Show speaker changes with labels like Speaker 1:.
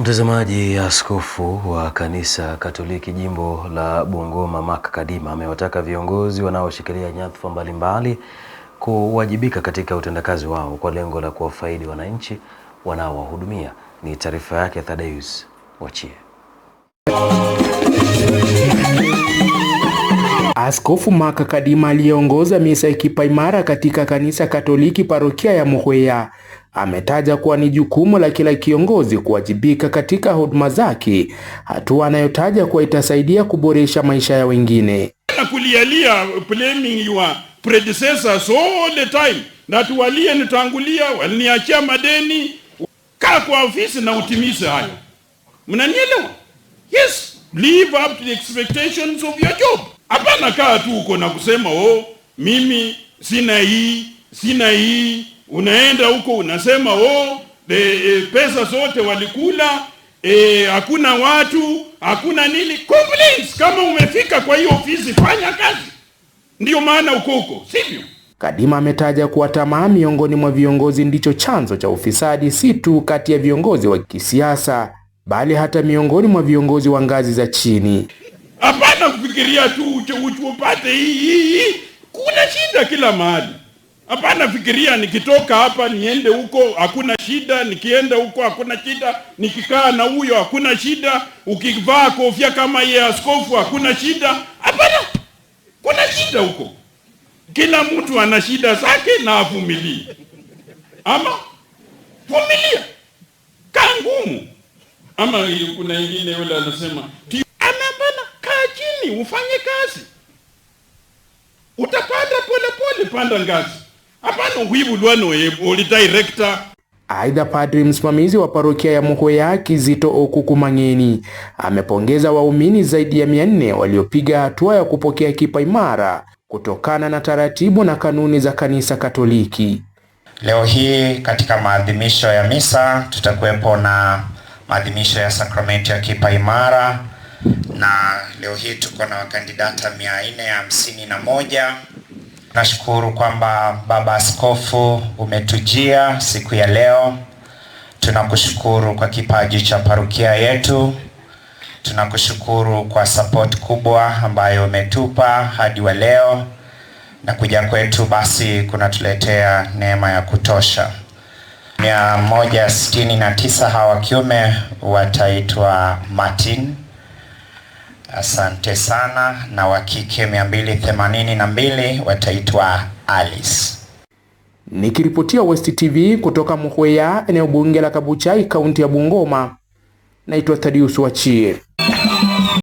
Speaker 1: Mtazamaji, askofu wa kanisa Katoliki jimbo la Bungoma Mark Kadima amewataka viongozi wanaoshikilia nyadhifa mbalimbali kuwajibika katika utendakazi wao kwa lengo la kuwafaidi wananchi wanaowahudumia. Ni taarifa yake Thaddeus Wachie.
Speaker 2: Askofu Mark Kadima aliyeongoza misa ya kipaimara katika kanisa Katoliki parokia ya Muhwea Ametaja kuwa ni jukumu la kila kiongozi kuwajibika katika huduma zake, hatua anayotaja kuwa itasaidia kuboresha maisha ya wengine.
Speaker 3: Na kulialia blaming your predecessors all the time, na tuwalie nitangulia, waliniachia madeni. Kaa kwa ofisi na utimize hayo, mnanielewa? Yes, live up to the expectations of your job. Hapana kaa tu uko na kusema oh, mimi sina hii sina hii unaenda huko unasema oh, e, e, pesa zote walikula e, hakuna watu hakuna nini. Complaints kama umefika kwa hiyo ofisi fanya kazi, ndio maana uko huko, sivyo?
Speaker 2: Kadima ametaja kuwa tamaa miongoni mwa viongozi ndicho chanzo cha ufisadi, si tu kati ya viongozi wa kisiasa, bali hata miongoni mwa viongozi wa ngazi za chini.
Speaker 3: Hapana kufikiria tu upate hii hii, kuna shida kila mahali. Hapana, fikiria nikitoka hapa niende huko hakuna shida, nikienda huko hakuna shida, nikikaa na huyo hakuna shida, ukivaa kofia kama ya askofu hakuna shida. Hapana, kuna shida huko. Kila mtu ana shida zake na avumilie, ama vumilia, kaa ngumu. Ama kuna ingine yule anasema ama, amepana, kaa chini ufanye kazi, utapanda polepole, panda ngazi. Hapana, uhibulwa noyebo oli
Speaker 2: Aidha, padri msimamizi wa parokia ya Muhoya Kizito okukumangeni amepongeza waumini zaidi ya 400 waliopiga hatua ya kupokea kipa imara kutokana na taratibu na kanuni za kanisa Katoliki.
Speaker 4: Leo hii katika maadhimisho ya misa tutakuwepo na maadhimisho ya sakramenti ya kipa imara, na leo hii tuko na wakandidata 451 Nashukuru kwamba baba askofu umetujia siku ya leo. Tunakushukuru kwa kipaji cha parukia yetu, tunakushukuru kwa support kubwa ambayo umetupa hadi wa leo, na kuja kwetu basi kunatuletea neema ya kutosha. mia moja sitini na tisa hawa kiume wataitwa Martin Asante sana na wa kike 282 wataitwa Alice.
Speaker 2: Nikiripotia West TV kutoka Muhwea, eneo bunge la Kabuchai, kaunti ya Bungoma, naitwa Thadius Wachie.